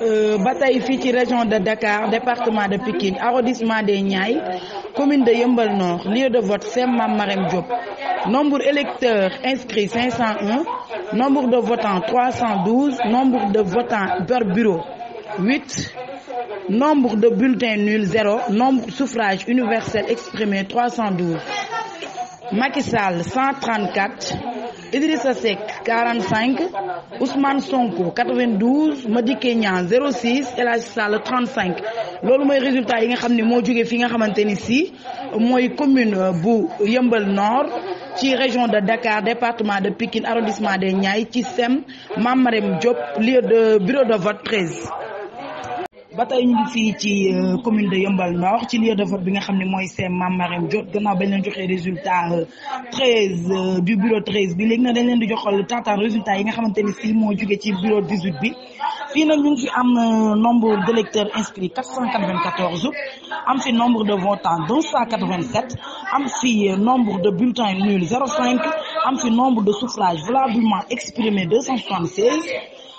Euh, Bataille-Fiti, région de Dakar département de Pikine arrondissement des commune de Yombol Nord lieu de vote Sem maman nombre électeurs inscrits 501 nombre de votants 312 nombre de votants par bureau 8 nombre de bulletins nuls 0 nombre de suffrage universel exprimé 312 Macky Sall 134 Idrissa Seck 45 Ousmane Sonko 92 Madi Kenyan, 06 El la Sall 35 Lolu moy résultat yi nga xam mo moo fi nga xamante ni si commune bu Yambel Nord ci région de Dakar département de Pikine arrondissement de Niay ci SEM Mame Diop lieu de bureau de vote 13 ba tey ñu ngi fii ci euh, commune de Yeumbeul Nord ci lieu de vote bi nga xam ne mooy seen Mame Marème gannaaw bañ leen joxee résultat euh, treize euh, du bureau treize bi léegi nag dañ leen di joxal taataan résultat yi nga xamante ni si moo ci bureau dix-huit bi fii nag ñu ngi fi am nombre électeurs inscrits quatre cent quatre-vingt-quatorze am fi nombre de votants deux cent quatre-vingt-sept am fi nombre de bulletins nuls zéro cinq am fi nombre de suffrages valablement exprimés deux cent soixante-seize